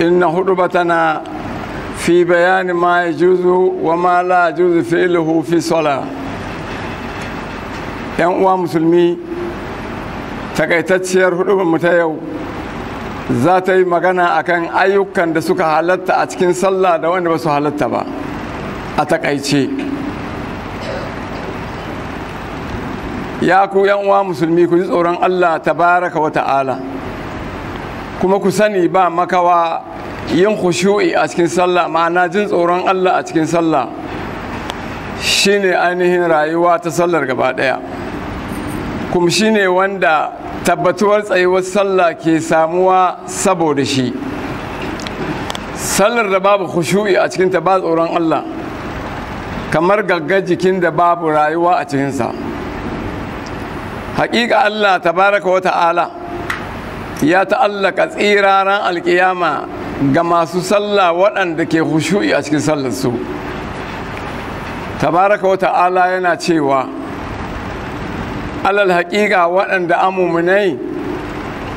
إن خطبتنا في بيان ما يجوز وما لا يجوز فعله في صلاة ‘yan uwa musulmi takaitacciyar hudubar ta yau za ta yi magana akan ayyukan da suka halatta a cikin sallah da wanda ba su halatta ba a takaice ya ku ‘yan uwa musulmi ku ji tsoron allah tabaraka wa ta'ala kuma ku sani ba makawa yin khushu'i a cikin sallah ma'ana jin tsoron Allah a cikin sallah shine ainihin rayuwa ta sallar gaba daya kuma shine wanda tabbatuwar tsayuwar sallah ke samuwa saboda shi sallar da babu khushu'i a cikinta ba tsoron Allah kamar gaggar jikin da babu rayuwa a cikinsa Hakika Allah tabaraka wa ta'ala ya ta'allaka tsiraran alkiyama ga masu sallah waɗanda ke hushu'i a cikin sallarsu tabaraka wa ta'ala yana cewa alal haƙiƙa waɗanda amuminai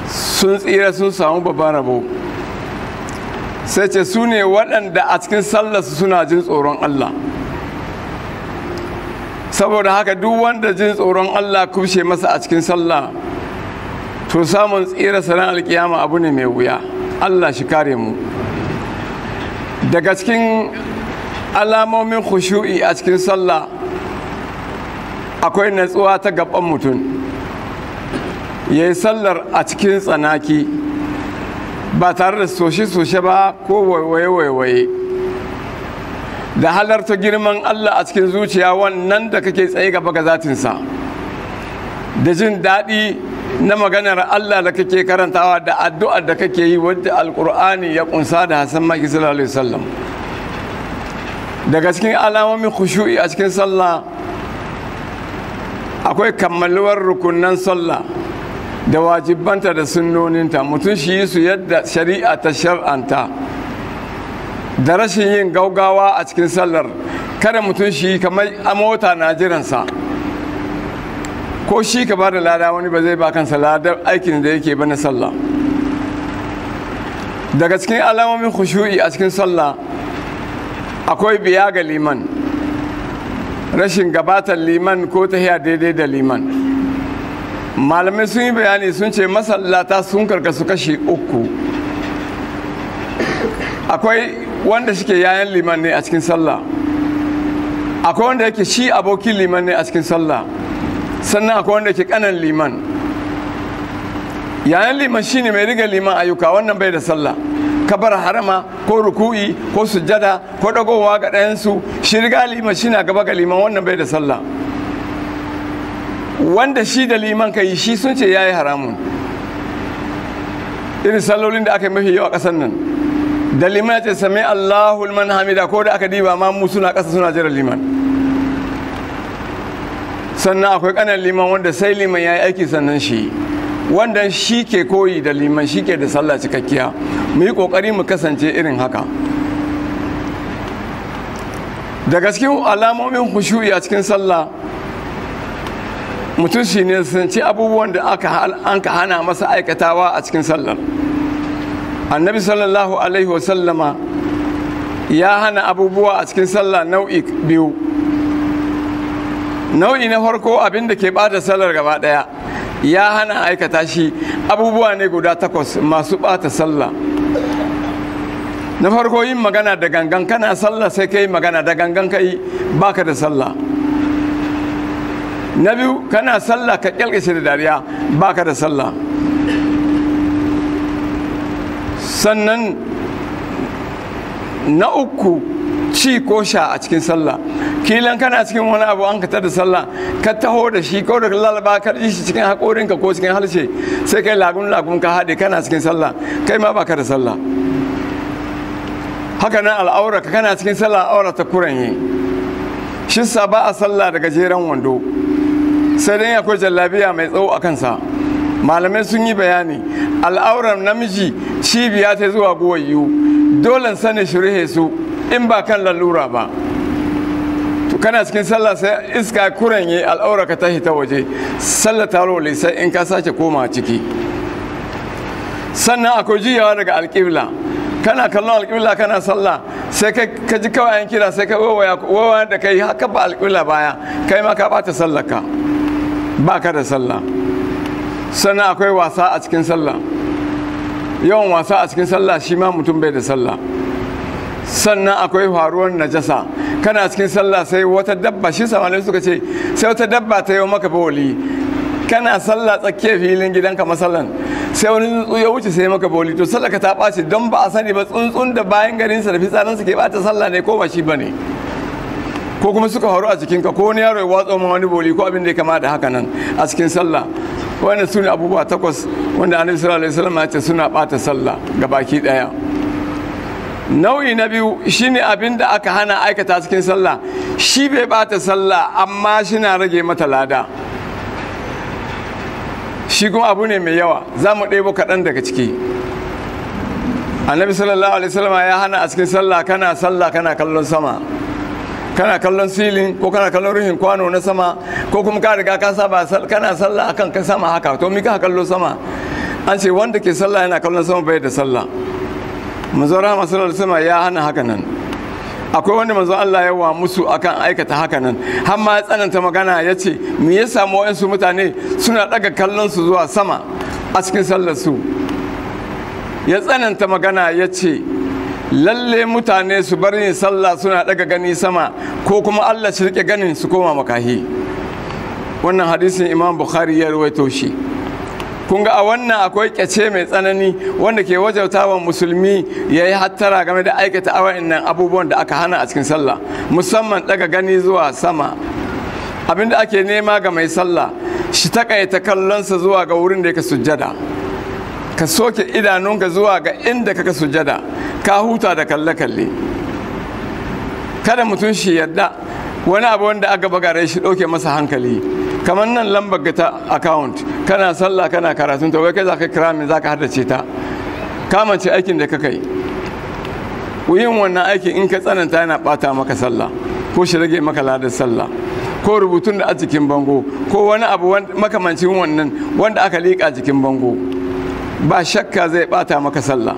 sun tsira sun samu babban rabo sai ce su ne waɗanda a cikin sallarsu suna jin tsoron Allah saboda haka duk wanda jin tsoron Allah kubshe masa a cikin sallah to samun tsira sanar alkiyama abu ne mai wuya allah shi kare mu daga cikin alamomin khushu'i a cikin sallah akwai natsuwa ta gaban mutum ya yi sallar a cikin tsanaki ba tare da soshe-soshe ba ko waye-waye. da halarta girman Allah a cikin zuciya wannan da kake tsaye gaba ga zatinsa da jin daɗi na maganar Allah da kake karantawa da addu'ar da kake yi wadda alkur'ani ya kunsa da Hassan Maki sallallahu alaihi wasallam daga cikin alamomin khushu'i a cikin sallah akwai kammaluwar rukunan sallah da wajibanta da sunnoninta mutum shi su yadda shari'a ta shar'anta da rashin yin gaugawa a cikin sallar kada mutum shi kamar a mota na jiransa ko shi ka ba da lada wani ba zai ba kansa ladar aikin da yake ba na sallah daga cikin alamomin khushu'i a cikin sallah akwai biya ga liman rashin gabatar liman ko hiyar daidai da liman malamai sun yi bayani sun ce masallata sun karkasu kashi uku akwai wanda shike yayan liman ne a cikin sallah akwai wanda yake shi abokin liman ne a cikin sallah sannan akwai wanda ke kanan liman yayan liman shine mai riga liman ayyuka wannan bai da sallah kabar harama ko ruku'i ko sujada, ko dagowa ga ɗayansu shi riga liman shi na gaba ga liman wannan bai da sallah wanda shi da liman ka yi shi sun ce ya yi haramun irin sallolin da aka yi mafi yawa ƙasar nan da liman ya ce sami allahu manhamida hamida ko da aka diba ma mu suna ƙasa suna jira liman sannan akwai kanan liman wanda sai liman ya yi aiki sannan shi wanda shi ke koyi da liman shi ke da sallah cikakkiya mu yi kokari mu kasance irin haka da cikin alamomin hushu'i a cikin sallah mutum shi ne sanci abubuwan da an ka hana masa aikatawa a cikin sallar annabi sallallahu alaihi wasallama ya hana abubuwa a cikin sallah nau'i biyu nau'i na farko abin da ke bata sallar gaba daya ya hana aikata shi abubuwa ne guda takwas masu bata sallah na farko yin magana da gangan kana sallah sai kai magana da gangan kai baka da sallah na biyu kana sallah ka kyalkashe da dariya baka da sallah sannan na uku ci ko sha a cikin sallah kilan kana cikin wani abu an ka da sallah ka taho da shi ko da lalaba ka ji shi cikin ka ko cikin halshe sai kai lagun lagun ka haɗe kana cikin sallah kai ma baka da sallah haka nan al'aura ka kana cikin sallah al'aura ta kuranye shi sa ba a sallah da gajeren wando sai dai akwai jallabiya mai tsawo a kansa malamai sun yi bayani al'aurar namiji cibiya ta zuwa gowayu dole sanin shirhe su in ba kan lalura ba kana cikin sallah sai iska yi al'aura ka tashi ta waje sallah ta role sai in ka sace koma ciki sannan akwai juyawa daga alƙibla kana kallon alƙibla kana sallah sai ka ji kawai an kira sai ka wawa da kai haka ba alƙibla baya kai ma ka bata sallah ka ba ka da sallah sannan akwai wasa a cikin sallah yawan wasa a cikin sallah shi ma mutum bai da sallah sannan akwai faruwar najasa kana cikin sallah sai wata dabba shi samani suka ce sai wata dabba ta yi maka boli. kana sallah tsakiyar filin gidanka masallan sai wani tsuntsu ya wuce sai maka bawali to ka ta ɓaci don ba a sani ba tsuntsun da bayan garinsa da fitsarinsa ke ɓata sallah ne ko ba shi ba ne ko kuma suka faru a cikinka ko wani yaro ya watsa ma wani boli ko abin da ya kama da haka nan a cikin sallah wannan su ne abubuwa takwas wanda annabi sallallahu alaihi wasallam ya ce suna ɓata sallah ga baki daya nau'i na biyu shine abin da aka hana aikata cikin sallah shi bai bata sallah amma na rage mata lada shi kuma abu ne mai yawa za mu ɗebo kaɗan daga ciki annabi sallallahu alaihi wasallama ya hana a cikin sallah kana sallah kana kallon sama kana kallon silin ko kana kallon ruhin kwano na sama ko kuma ka riga ka saba kana sallah akan ka sama haka to mika kallon sama an ce wanda ke sallah yana kallon sama bai da sallah manzara masarar sama ya hana haka nan akwai wanda manzon Allah ya wa musu akan aikata haka nan har ma ya tsananta magana ya ce me ya samu wa'ansu mutane suna daga kallon su zuwa sama a cikin sallar su ya tsananta magana ya ce lalle mutane su bar yin sallah suna daga gani sama ko kuma Allah shi rike ganin su koma makahi wannan hadisin Imam Bukhari ya rawaito shi kun ga a wannan akwai kyace mai tsanani wanda ke wa musulmi ya yi hattara game da aikata awa'in nan abubuwan da aka hana a cikin sallah musamman daga gani zuwa sama abinda ake nema ga mai sallah shi takaita kallonsa zuwa ga wurin da yake sujjada ka soke idanunka zuwa ga inda kaka sujjada ka huta da kalle-kalle kada mutum shi yadda wani abu wanda aka bagare shi ɗauke masa hankali kamar nan lambar ga ta account kana sallah kana karatun ta wai kai ka kira min za ka haddace ta kamance aikin da ka kai. yin wannan aikin in ka tsananta yana bata maka sallah ko shi rage maka ladar sallah ko rubutun da a jikin bango ko wani abu makamancin wannan wanda aka liƙa jikin bango ba shakka zai bata maka sallah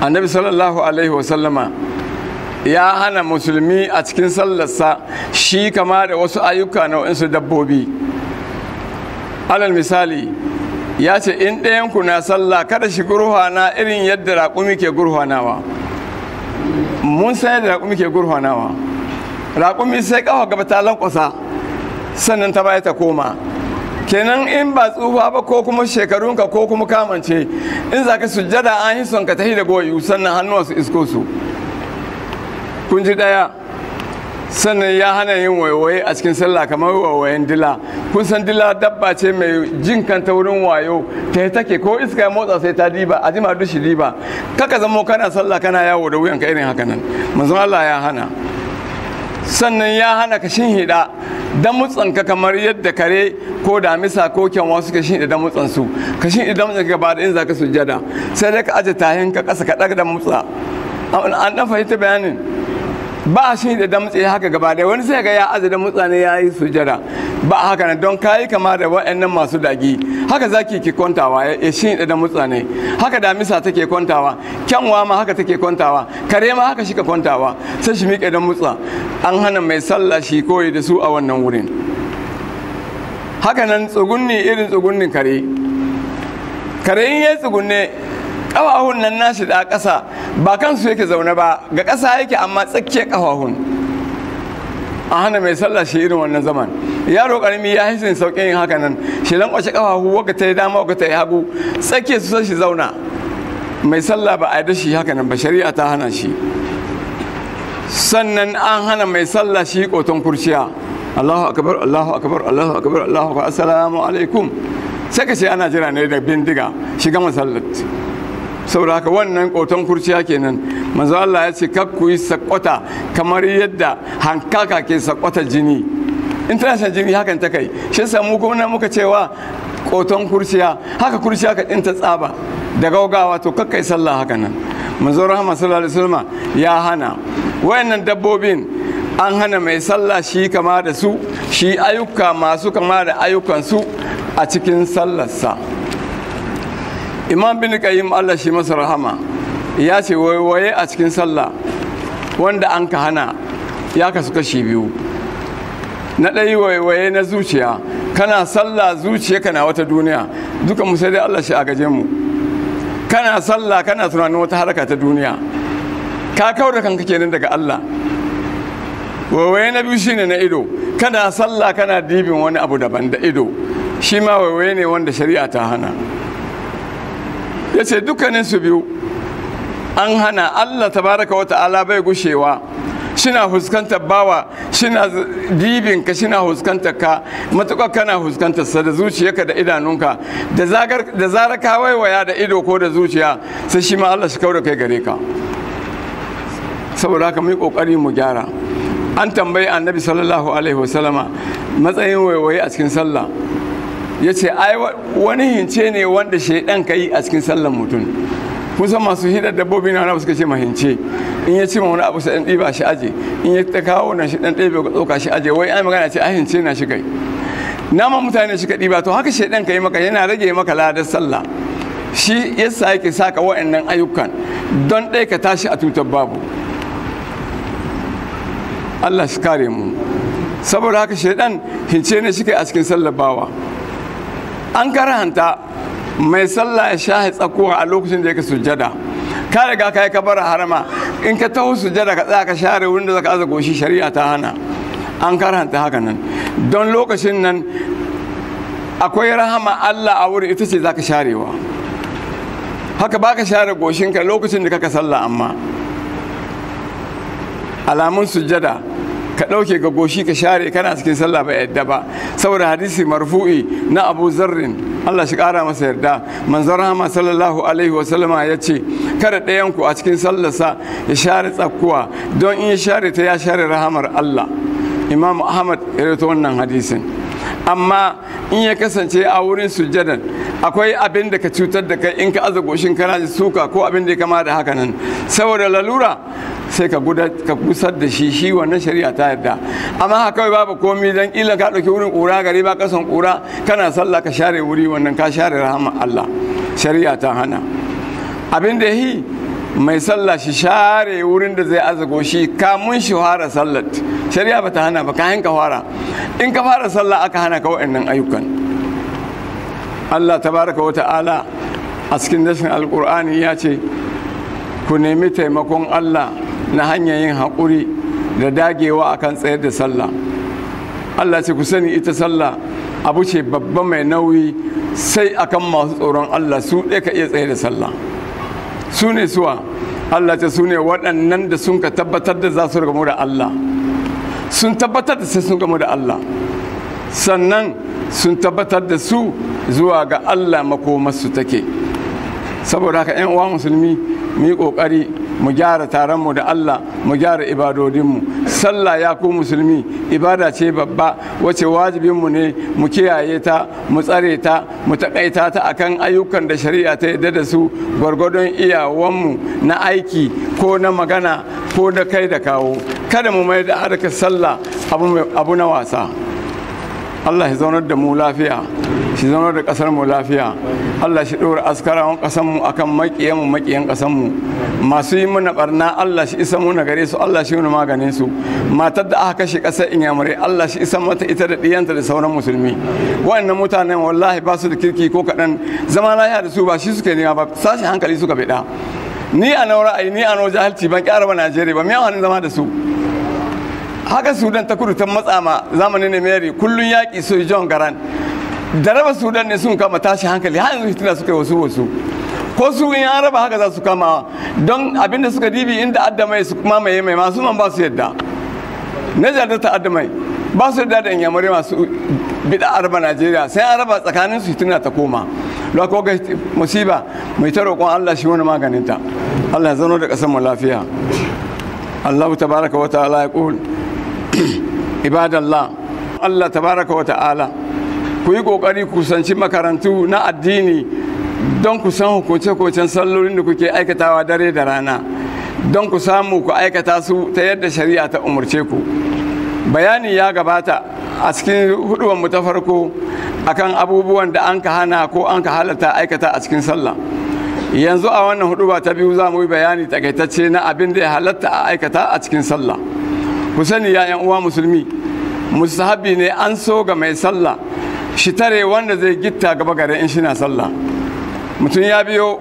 annabi sallallahu alaihi wasallama ya hana musulmi a cikin sallarsa shi kama da wasu ayyuka na wa'insu dabbobi alal misali ya ce in ɗayanku na sallah kada shi gurhana irin yadda raƙumi ke gurhanawa mun san yadda raƙumi ke gurhanawa raƙumi sai ƙafa gaba ta lankwasa sannan ta baya ta koma kenan in ba tsufa ba ko kuma shekarunka ko kuma kamance in za ka sujjada an yi son ka tahi da goyi sannan hannuwa su isko su kun ji ɗaya sannan ya hana yin waiwaye a cikin sallah kamar waiwayen dila kun san dila dabba ce mai jin kanta wurin wayo ta yi take ko iska ya motsa sai ta diba a jima dushi diba kaka zamo kana sallah kana yawo da ka irin haka nan manzon Allah ya hana sannan ya hana ka mutsan ka kamar yadda kare ko da damisa ko kyanwa suka mutsan su ka mutsan ka ba da in za ka sujjada sai dai ka aje tahin ka kasa ka da mutsa an dan fahimta bayanin ba shi da damtse haka gaba da wani sai ga ya azada da mutsane ya yi sujada ba haka nan don kayi kama da waɗannan masu dagi haka zaki ki kwantawa ya shi da mutsane haka damisa take kwantawa kyanwa ma haka take kwantawa kare ma haka shi ka kwantawa sai shi miƙe da mutsa an hana mai sallah shi koyi da su a wannan wurin haka nan tsugunni irin tsugunnin kare kare in ya tsugunne ƙafafun nan nashi da ƙasa ba kansu yake zaune ba ga ƙasa yake amma tsakiyar ƙafafun a hana mai sallah shi irin wannan zaman yaro karami ya hisin sauƙin yin haka nan shi lankwashe ƙafafu waka ta yi dama waka ta yi hagu tsakiyar su san shi zauna mai sallah ba a yi shi haka nan ba shari'a ta hana shi sannan an hana mai sallah shi ƙoton kurciya Allahu akabar Allahu akabar Allahu akabar Allahu akabar assalamu alaikum sai ka ce ana jira ne da bindiga shiga masallat saboda haka wannan koton kurciya kenan manzo Allah ya ce kak ku yi sakwata kamar yadda hankaka ke sakwata jini in jini hakan ta kai shi samu kuma muka cewa koton kurciya haka kurciya ka ɗinta tsaba da gaugawa to kakkai sallah haka nan manzo rahama sallallahu alaihi ya hana wayannan dabbobin an hana mai sallah shi kama da su shi ayyuka masu kama da ayyukansu a cikin sallarsa imam bin kayyim Allah shi masa rahama ya ce waye a cikin sallah wanda an ka hana ya kasu kashi biyu na ɗaya waiwaye na zuciya kana sallah zuciya kana wata duniya duka mu dai Allah shi a gaje mu kana sallah kana tunanin wata haraka ta duniya ka kawar da kanka kenan daga Allah waiwaye na biyu shine na ido kana sallah kana dibin wani abu daban da ido shi ma waiwaye ne wanda shari'a ta hana ya ce dukkanin biyu an hana allah ta baraka wa ta'ala bai gushewa shina huskantar bawa shina dibinka shina huskantar ka matuƙar kana huskantar sa da zuciyarka da idanunka da zarar ka waiwaya da ido ko da zuciya sai shi ma allah shi da kai gare ka saboda haka mu ƙoƙari mu gyara an tambayi annabi sallallahu alaihi wasallama matsayin waiwaye a cikin sallah ya ce ai wani hince ne wanda shaidan ka yi a cikin sallan mutum kusa masu hida dabbobi na wani suka ce mahince in ya ce ma wani abu sai ɗan ɗiba shi aje in ya ta kawo na shi ɗan ɗebe ka tsoka shi aje wai ai magana ce ai hince na shi kai nama mutane shi ka ɗiba to haka shaidan ka yi maka yana rage maka ladar sallah shi yasa yake saka wa'annan ayyukan don ɗaya ka tashi a tutar babu Allah shi kare mu saboda haka shaidan hince ne shi kai a cikin sallar bawa an karanta mai sallah ya sha tsakuwa a lokacin da yake sujjada ka riga ka yi kabar harama in ka taho sujjada ka tsaya ka share wurin da zaka aza goshi shari'a ta hana an karanta haka nan don lokacin nan akwai rahama Allah a wurin ita ce zaka sharewa haka baka share goshinka lokacin da kaka sallah amma alamun sujjada ka ɗauke ga goshi ka share kana cikin sallah ba yadda ba saboda hadisi marfu'i na abu zarrin allah shi ƙara masa yarda manzon rahama sallallahu alaihi wa sallama ya ce kada ɗayanku a cikin sallarsa ya share tsakkuwa don in ya share ta ya share rahamar allah imam ahmad ya wannan hadisin amma in ya kasance a wurin sujjadan akwai abin da ka cutar da kai in ka aza goshin kana ji suka ko abin da ya kama da haka nan saboda lalura sai ka kusar da shi shi wannan shari'a ta yarda amma haka kawai babu komi dan kila ka ɗauki wurin ƙura gari ba ka kasan ƙura kana sallah ka share wuri wannan ka share rahama Allah shari'a ta hana abin da yi mai sallah shi share wurin da zai azago shi kamun shi fara sallat shari'a bata hana ba kayan ka fara in ka fara sallah aka hana ka wa'annan ayyukan Allah tabaraka wata'ala a cikin dashin alkur'ani ya ce ku nemi taimakon Allah na hanyar yin haƙuri da dagewa akan tsayar da sallah Allah ce ku sani ita sallah abu ce babba mai nauyi sai akan masu tsoron Allah su ɗaya ka iya tsayar da sallah su ne suwa Allah ce su ne waɗannan da sun ka tabbatar da za su gamu da Allah sun tabbatar da sai sun gamu da Allah sannan sun tabbatar da su zuwa ga Allah makomarsu take saboda haka 'yan uwa musulmi mu yi ƙoƙari mu gyara taron mu da Allah mu gyara ibadodinmu sallah ya ku musulmi ibada ce babba wace mu ne mu kiyaye ta mu tsare ta mu takaita ta akan ayyukan da shari'a ta yadda da su gwargwadon mu na aiki ko na magana ko da kai da kawo kada mu mai da harkar sallah abu na wasa Allah ya zaunar da mu lafiya shi zama da kasar mu lafiya Allah shi dora wani kasar mu akan makiyan mu makiyan kasar mu masu yi mana barna Allah shi isa muna gare su Allah shi wani maganin su matar da aka kashe kasar inyamurai Allah shi isa mata ita da diyanta da sauran musulmi wannan mutanen wallahi ba su da kirki ko kaɗan zama lafiya da su ba shi suke nema ba sashi hankali suka bida ni a nau ra'ayi ni a nau jahilci ban ƙara ba Najeriya ba miyawa zama da su haka sudan ta kudu ta matsa ma zamanin ne mary kullum yaƙi so john garan da raba sudan ne sun kama tashi hankali har yanzu tana suka yi wasu wasu ko su in an raba haka za su kama don abinda suka dibi inda addamai su mamaye mai masu man ba su yadda ne da ta addamai ba su yadda da yamari masu bida araba Najeriya sai an raba tsakanin su tana ta koma lokacin ko ga musiba mai ta roƙon Allah shi wani maganin ta Allah ya zano da ƙasar mu lafiya Allah tabaraka wa ta'ala ya qul ibadallah Allah tabaraka wa ta'ala ku yi kokari kusanci makarantu na addini don ku san hukunce-hukuncen sallolin da kuke aikatawa dare da rana don ku samu ku aikata su ta yadda shari'a ta umarce ku bayani ya gabata a cikin mu ta farko akan abubuwan da an ka hana ko an ka halatta aikata a cikin sallah yanzu a wannan huduba ta biyu za mu yi bayani takaitacce na abin da ya halatta a aikata a cikin sallah ku sani ya yan uwa musulmi musahabi ne an so ga mai sallah shi tare wanda zai gitta gaba gare in shina sallah mutum ya biyo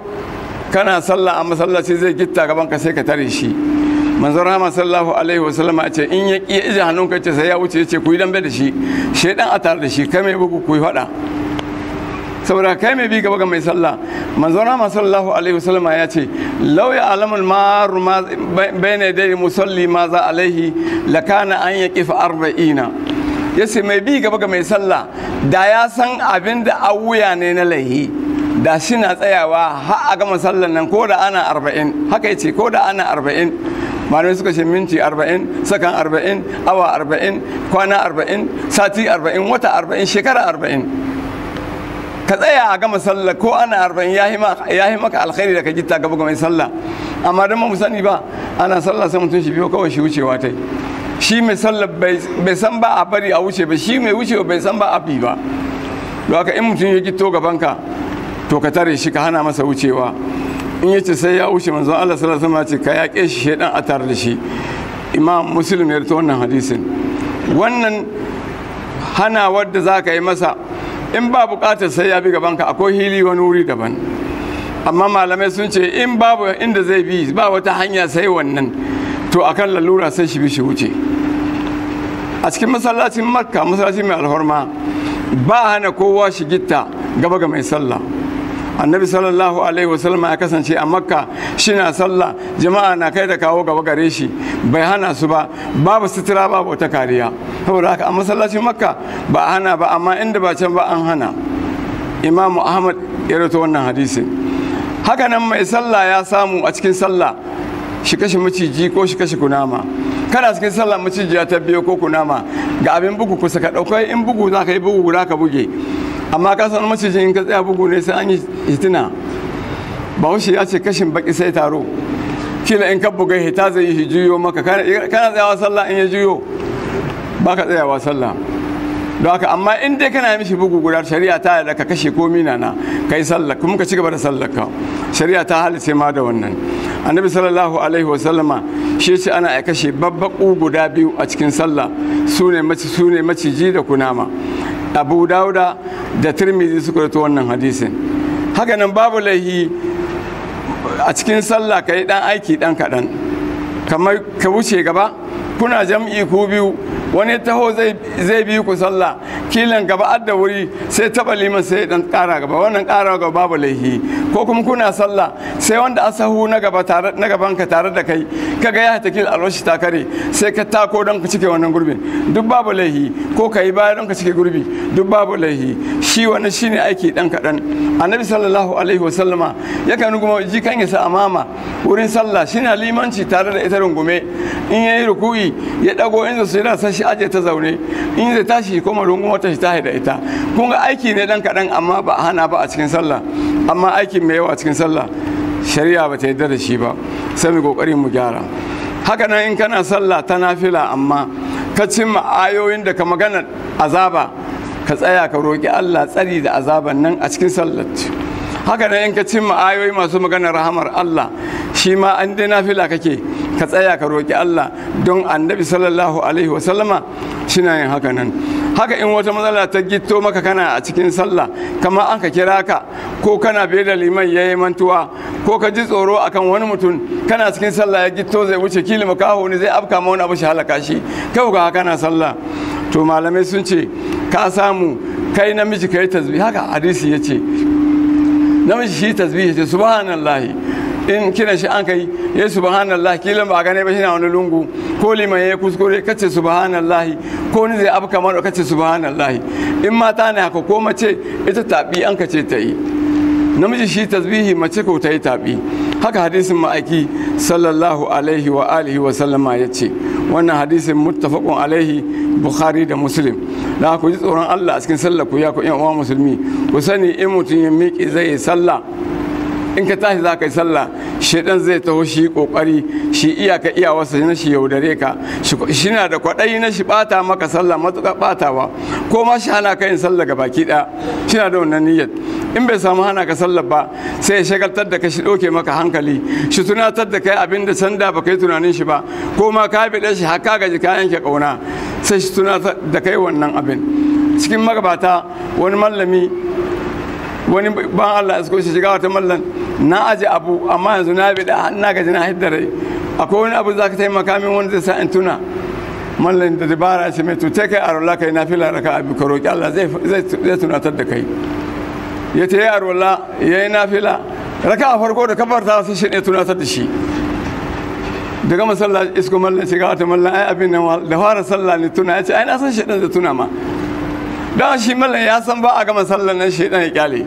kana sallah a masallaci zai gitta gaban ka sai ka tare shi manzon rama sallahu alaihi wa sallama ce in ya ƙi ya hannun hannunka ce sai ya wuce ce ku yi dambe da shi shaidan a tare da shi kai mai bugu ku yi faɗa saboda kai mai bi gaba ga mai sallah manzon rama sallahu alaihi sallama ya ce lauya ya alamul maru ne dai musalli ma za alaihi lakana an yaqifa arba'ina ya ce mai bi gaba ga mai sallah da ya san abin da awuya ne na laihi da shi na tsayawa ha a gama sallan nan ko da ana arba'in haka ya ce ko da ana arba'in malamai suka ce minti arba'in sakan arba'in awa arba'in kwana arba'in sati arba'in wata arba'in shekara arba'in ka tsaya a gama sallah ko ana arba'in ya yi maka alkhairi da ka gita gaba ga mai sallah amma don mu sani ba ana sallah sai mutum shi biyo kawai shi wucewa ta yi shi mai sallar bai san ba a bari a wuce ba shi mai wuce bai san ba a bi ba don haka in mutum ya gito gabanka to ka tare shi ka hana masa wucewa in ya ce sai ya wuce manzon Allah sallallahu alaihi wasallam ce ka yaƙe shi shedan a tare da shi imam muslim ya rito wannan hadisin wannan hana wadda za ka yi masa in ba buƙatar sai ya bi gabanka akwai hili wani wuri daban amma malamai sun ce in babu inda zai bi ba wata hanya sai wannan to a kan lalura sai shi bi wuce a cikin masallacin makka masallacin mai alhorma ba hana kowa shi gitta gaba ga mai sallah annabi sallallahu alaihi wasallam ya kasance a makka shina sallah jama'a na kai da kawo gaba gare shi bai hana su ba babu sutura babu ta kariya saboda haka a masallacin makka ba a hana ba amma inda ba can ba an hana imamu ahmad ya rato wannan hadisin Hakanan mai sallah ya samu a cikin sallah shi kashe maciji ko shi kashe kunama kana cikin sallah maciji ta biyo ko kunama ga abin bugu kusa ka ɗauka in bugu za ka yi bugu guda ka buge amma ka san maciji in ka tsaya bugu ne sai an yi hitina shi ya ce kashin baki sai taro kila in ka buga hita zai yi juyo maka kana tsayawa sallah in ya juyo ba ka tsayawa sallah don haka amma in dai kana mishi bugu guda shari'a ta yarda ka kashe ko mina na kai sallah kuma ka ci gaba da sallah ka shari'a ta halice ma da wannan annabi sallallahu alaihi wasallama shi ce ana a kashe babbaku guda biyu a cikin sallah su ne maciji da kunama abu dauda da Turmizi suka rito wannan hadisin nan babu laihi a cikin sallah ka yi ɗan aiki ɗan kaɗan kamar ka wuce gaba kuna jam'i ku biyu wani taho zai bi ku sallah kilan gaba adda wuri sai taba liman sai dan kara gaba wannan kara gaba babu laihi ko kuma kuna sallah sai wanda asahu na gaba tare na gaban ka tare da kai kaga ya takil alwashi ta kare sai ka tako don ka cike wannan gurbin duk babu laihi ko ka yi baya don ka cike gurbi duk babu laihi shi wani shine aiki dan kadan annabi sallallahu alaihi wasallama yakan kuma jikan ya sa amama wurin sallah shine limanci tare da ita rungume in yayi ruku'i ya dago inda su da sashi aje ta zaune in zai tashi kuma runguma ta shi ta da ita kun ga aiki ne dan kaɗan amma ba a hana ba a cikin sallah amma aikin mai yawa cikin sallah shari'a ba ta yarda da shi ba sai mu kokarin mu gyara haka nan in kana sallah ta nafila amma ka cimma ayoyin da ka magana azaba ka tsaya ka roƙi Allah tsari da azaban nan a cikin sallah. haka nan in ka cimma ayoyi masu maganar rahamar Allah shi ma an dai nafila kake ka tsaya ka roƙi Allah don annabi sallallahu alaihi wasallama shina yin haka nan haka in wata matsala ta gito maka kana a cikin sallah kamar an ka kira ka ko kana fiye da liman ya yi mantuwa ko ka ji tsoro akan wani mutum kana cikin sallah ya gito zai wuce kili kawo ni, zai afka wani abu shi halaka shi kai ga kana sallah to malamai sun ce ka samu kai namiji kai tasbi haka hadisi ya ce namiji shi tasbi ya ce subhanallahi in kina shi an kai ya subhanallah kilan ba gane ba shi na wani lungu ko liman ya yi kuskure kace subhanallah ko ni zai abka maro kace subhanallah in mata ne haka ko mace ita tabi an kace ta yi namiji shi tasbihi mace ko ta yi taɓi haka hadisin ma'aiki sallallahu alaihi wa alihi wa sallama ya ce wannan hadisin muttafaqun alaihi bukhari da muslim da ku ji tsoron allah a cikin sallah ku ya ku yan uwa musulmi ku sani in mutum ya miƙe zai yi sallah in ka tashi za ka yi sallah shaidan zai taho shi kokari shi iyaka iyawarsa na shi yaudare ka shi na da kwaɗayi na shi ɓata maka sallah matuƙa ɓatawa ko ma shi hana ka yin sallah ga baki ɗaya shi na da wannan niyyar in bai samu hana ka sallah ba sai ya shagaltar da ka shi ɗauke maka hankali shi tunatar da kai abin da sanda ba yi tunanin shi ba ko ma ka bi shi haka gaji ka yanke ƙauna sai shi tunatar da kai wannan abin cikin magabata wani mallami wani ban Allah ya shi shiga wata mallan na aji abu amma yanzu na bi da na gaji na hidda rai akwai wani abu za ka taimaka min wanda zai sa in tuna mallan da dabara ce mai tuce kai arola kai na fila raka abu ka roƙi Allah zai tunatar da kai ya yi a arola ya yi na fila raka a farko da kafar ta su ne tunatar da shi daga masallaci isko mallan shiga wata mallan ai abin nan da fara sallah ne tuna ya ce ai na san shaidan da tuna ma don shi mallan ya san ba a gama sallan nan shaidan ya kyale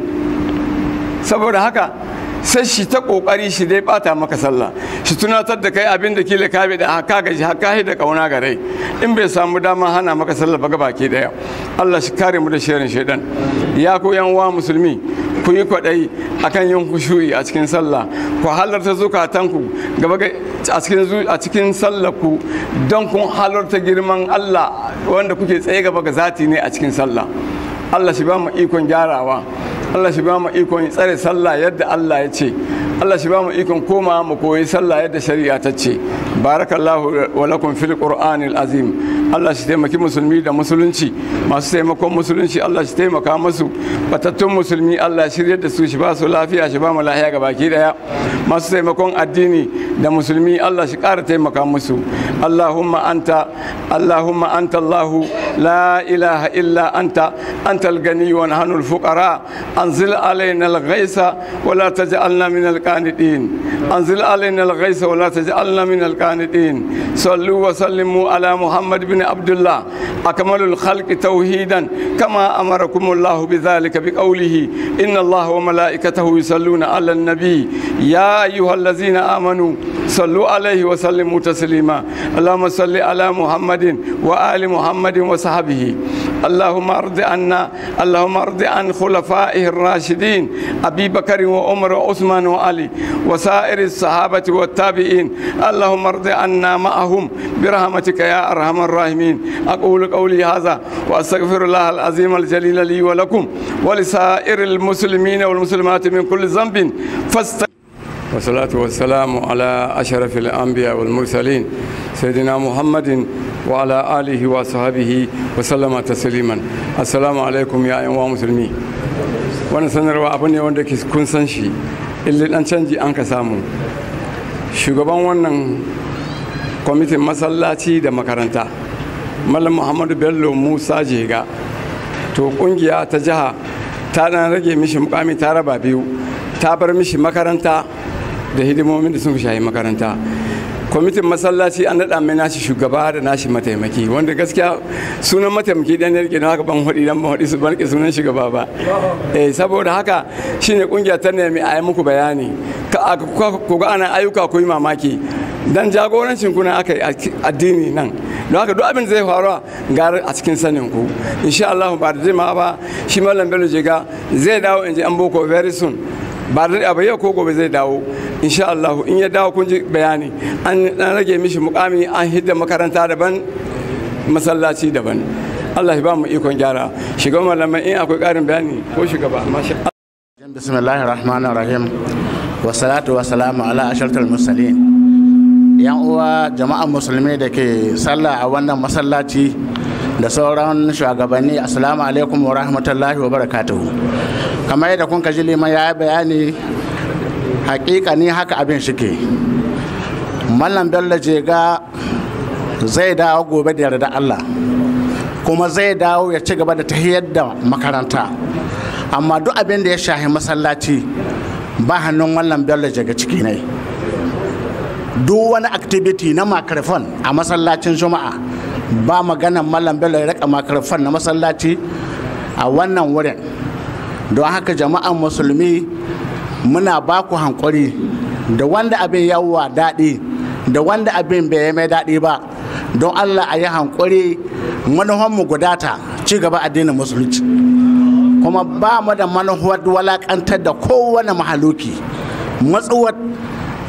saboda haka sai shi ta kokari shi dai bata maka sallah shi tunatar da kai abin da kila ka bi da haka ah, gaji haka da kauna ga rai in bai samu dama hana maka sallah ba baki daya Allah shi kare mu da shirin shaidan ya ku yan uwa musulmi ku yi kwadai akan yin khushu'i a cikin sallah ku halarta zukatanku gaba a cikin a cikin sallah ku don kun halarta girman Allah wanda kuke tsaye gaba ga zati ne a cikin sallah Allah shi ba mu ikon gyarawa Allah shi ba mu ikon tsare sallah yadda Allah ya ce Allah shi ba mu ikon koma mu koyi sallah yadda shari'a ta ce barakallahu wa lakum fil qur'anil azim Allah shi taimaki musulmi da musulunci masu taimakon musulunci Allah shi taimaka musu batattun musulmi Allah shirya da su shi ba su lafiya shi ba mu lahiya ga baki daya masu taimakon addini da musulmi Allah shi ƙara taimaka musu Allahumma anta Allahumma anta Allahu la ilaha illa anta Antal al-gani wa nahnu al-fuqara anzil alaina al-ghaisa wa la taj'alna min al-qanitin anzil alaina al-ghaisa wa la taj'alna min al-qanitin sallu wa sallimu ala Muhammad بن عبد الله أكمل الخلق توحيدا كما أمركم الله بذلك بقوله إن الله وملائكته يصلون على النبي يا أيها الذين آمنوا صلوا عليه وسلموا تسليما اللهم صل على محمد وآل محمد وصحبه اللهم ارض عنا اللهم ارض عن خلفائه الراشدين ابي بكر وعمر وعثمان وعلي وسائر الصحابه والتابعين اللهم ارض عنا معهم برحمتك يا ارحم الراحمين اقول قولي هذا واستغفر الله العظيم الجليل لي ولكم ولسائر المسلمين والمسلمات من كل ذنب فاستغفر والصلاة والسلام على أشرف الأنبياء والمرسلين سيدنا محمد وعلى آله وصحبه وسلم تسليما السلام عليكم يا أيها المسلمين wani sanarwa abu ne wanda kun san shi illi dan canji an ka samu shugaban wannan kwamitin masallaci da makaranta mallam muhammadu bello musa jega to ƙungiya ta jiha ta dan rage mishi mukami ta raba biyu ta bar mishi makaranta da hidimomin da sun shayi makaranta kwamitin masallaci an naɗa mai nashi shugaba da nashi mataimaki wanda gaskiya sunan mataimaki dan yarki na haka ban hudi dan ban hudi su ke sunan shugaba ba eh saboda haka shine kungiya ta nemi a yi muku bayani ka ku ga ana ayyuka ku yi mamaki dan jagorancin kuna aka yi addini nan don haka duk abin zai faru gara a cikin sanin ku insha Allah ba da jima ba shi mallam Bello Jega zai dawo in ji an boko very soon ba da abu yau ko gobe zai dawo insha Allah in ya dawo kun ji bayani an dan rage mishi mukami an hidda makaranta daban masallaci daban Allah ya ba mu ikon gyara shiga malaman in akwai karin bayani ko shugaba masha Allah bismillahir rahmanir rahim wa salatu wa salamu ala ashratil mursalin yan uwa jama'an musulmi da ke sallah a wannan masallaci da sauran shugabanni assalamu alaikum wa rahmatullahi wa barakatuhu kamar yadda kun ka ji liman ya bayani hakika ne haka abin shike mallam bello jega zai dawo gobe da yarda allah kuma zai dawo ya ci gaba da tahiyar da makaranta amma duk abin da ya shahi masallaci ba hannun mallam bello jega ciki ne duk wani activity na makarfan a masallacin juma'a ba maganan mallam bello ya raka makarfan na masallaci a wannan wurin don haka jama'an musulmi muna ba ku hankuri da wanda abin yawwa daɗi da wanda abin bai mai daɗi ba don allah a yi hankuri manuhanmu ta ci gaba addinin musulunci kuma ba mu da manuhuwar walakantar da kowane mahaluki matsuwar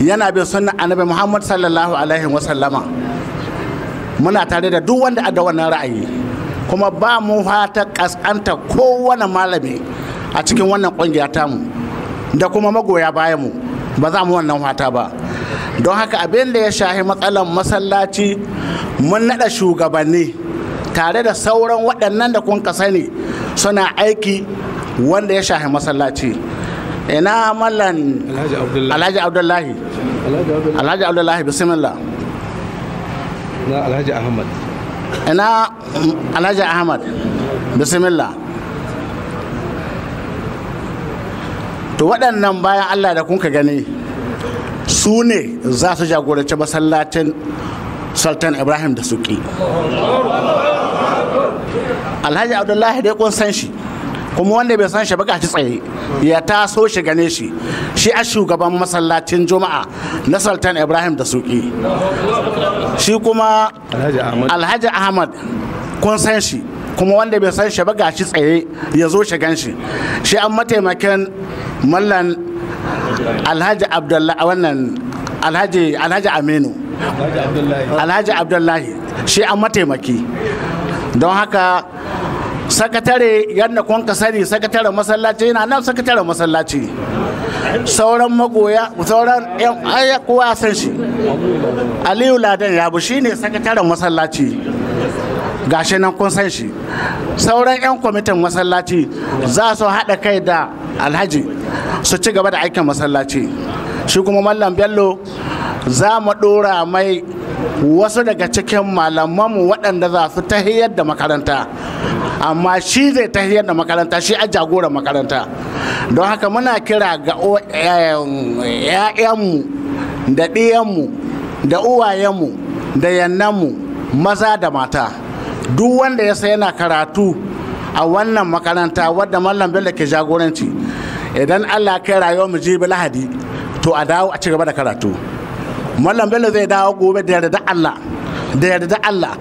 yana bin sunna annabi muhammad sallallahu alaihi wasallama muna tare da duk wanda da wannan ra'ayi kuma ba mu fata kaskanta kowane malami a cikin wannan kungiya tamu da kuma magoya mu ba za mu wannan fata ba don haka abin da ya shahi matsalan masallaci mun naɗa shugabanni tare da sauran waɗannan da kun sani suna aiki wanda ya shahi masallaci ina mallan alhaji abdullahi alhaji abdullahi bismillah ina alhaji ahmad ina alhaji ahmad bismillah to waɗannan bayan allah da kunka gani su ne za su jagoranci masallacin sultan ibrahim da suki alhaji abdullahi da kun san shi kuma wanda bai san shi baka shi tsaye ya taso shi gane shi shi a shugaban masallacin juma'a na sultan ibrahim da suki shi kuma alhaji ahmad kun san shi kuma wanda bai san shi ba gashi tsaye ya zo shi ganshi shi an mataimakin mallan alhaji abdullahi wannan alhaji alhaji aminu alhaji abdullahi shi an mataimaki don haka sakatare yadda kun ka sani sakataren masallaci yana nan sakataren masallaci sauran magoya sauran yan aya kowa san shi aliyu ladan yabu shine sakataren masallaci gashi nan kun san shi sauran 'yan kwamitin masallaci za su haɗa kai da alhaji su ci gaba da aikin masallaci shi kuma mallam bello za mu ɗora mai wasu daga cikin malamanmu waɗanda za su tahiyar da makaranta amma shi zai tahiyar da makaranta shi a jagoran makaranta don haka muna kira ga 'ya'yanmu da ɗiyanmu da uwayenmu da yannanmu maza da mata duk wanda ya sai yana karatu a wannan makaranta wadda mallam bello ke jagoranci idan allah kai rayuwar mu jibi lahadi to a dawo a cigaba da karatu mallam bello zai dawo gobe da yarda allah da yarda allah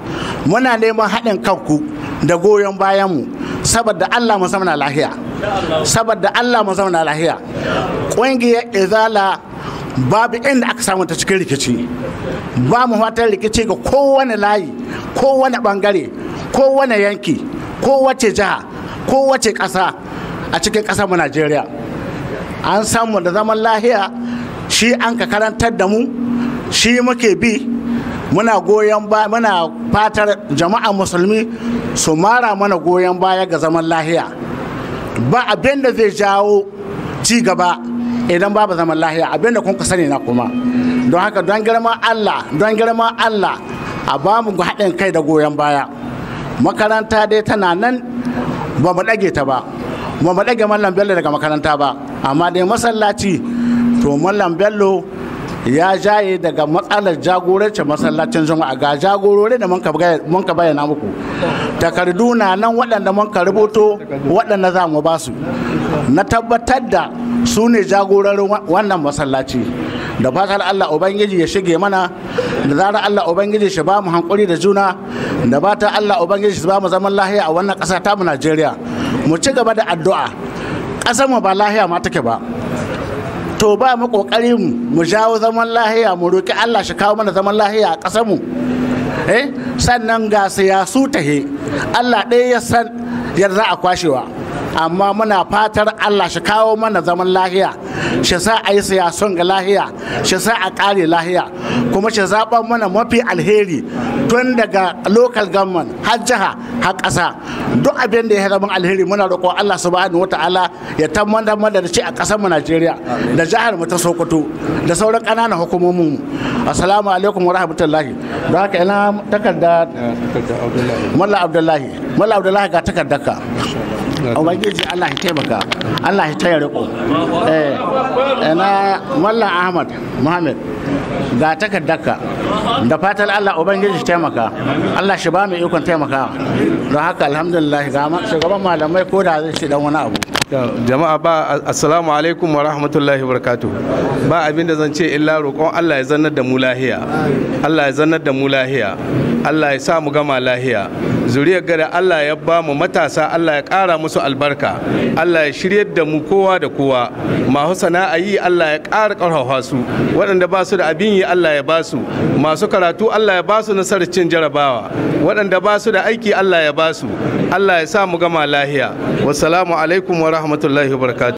muna neman haɗin kanku da goyon bayanmu saboda allah mu na lahiya saboda allah mu na lahiya ƙungiyar izala babu inda aka samu ta cikin rikici ba mu fatan rikici ga kowane layi kowane bangare kowane yanki kowace jiha kowace ƙasa a cikin ƙasar mu najeriya an samu da zaman lahiya shi an ka karantar da mu shi muke bi muna goyon ba muna fatar jama'a musulmi su mara mana goyon baya ga zaman lahiya ba abin da zai jawo ci gaba idan babu zaman lahiya abinda kun ka sani na kuma don haka don girma Allah don girma Allah a ba mu haɗin kai da goyon baya makaranta dai tana nan ba mu ɗage ta ba ba mu ɗage mallam bello daga makaranta ba amma dai masallaci to mallam bello ya jaye daga matsalar jagorance masallacin zuma ga jagorori da mun ka bayyana muku takardu na nan waɗanda mun ka rubuto waɗanda za mu ba su na tabbatar da su ne jagororin wannan masallaci da fatan Allah Ubangiji ya shige mana da zarar Allah Ubangiji shi ba mu hankuri da juna da fatan Allah Ubangiji shi ba mu zaman lahiya a wannan ƙasa ta mu Najeriya mu ci gaba da addu'a ƙasar mu ba lahiya ma take ba to ba mu kokari mu jawo zaman lahiya mu roki Allah shi kawo mana zaman lahiya a ƙasar mu eh sannan ga siyasu tahe Allah ɗaya ya san yadda za a kwashewa amma muna fatar allah shi kawo mana zaman lahiya shi sa a yi siyasun ga lahiya shi sa a ƙare lahiya kuma shi zaɓan mana mafi alheri tun daga local government har jiha har ƙasa duk abin da ya zama alheri muna roƙo allah subhanahu wa ta'ala ya tabbatar mana da shi a ƙasar mu najeriya da jihar mu ta sokoto da sauran ƙananan hukumomin mu assalamu alaikum wa rahmatullahi don haka ina takarda Mallam abdullahi Mallam abdullahi ga takardarka ubangiji Allah ya taimaka Allah ya taya riko eh, eh na mallan Ahmad Muhammad ga takaddaka da fatan Allah ubangiji taimaka Allah shi ba mu ikon taimaka don haka alhamdulillah ga shugaban malamai ko da zai ce dan wani abu jama'a ba assalamu alaikum wa rahmatullahi wa ba abin da zan ce illa roƙon Allah ya zannar da mu lahiya Allah ya zannar da mu lahiya Allah ya sa mu gama lahiya zuriyar gada Allah ya ba mu matasa Allah ya ƙara musu albarka Allah ya shiryar da mu kowa da kowa masu yi Allah ya ƙara ƙarfafa su waɗanda ba su da abin yi Allah ya ba su masu karatu Allah ya ba su nasarar cin jarabawa waɗanda ba su da aiki Allah ya ba su Allah ya sa mu gama lahiya wassalamu alaikum wa rahmatullahi wa barakatuh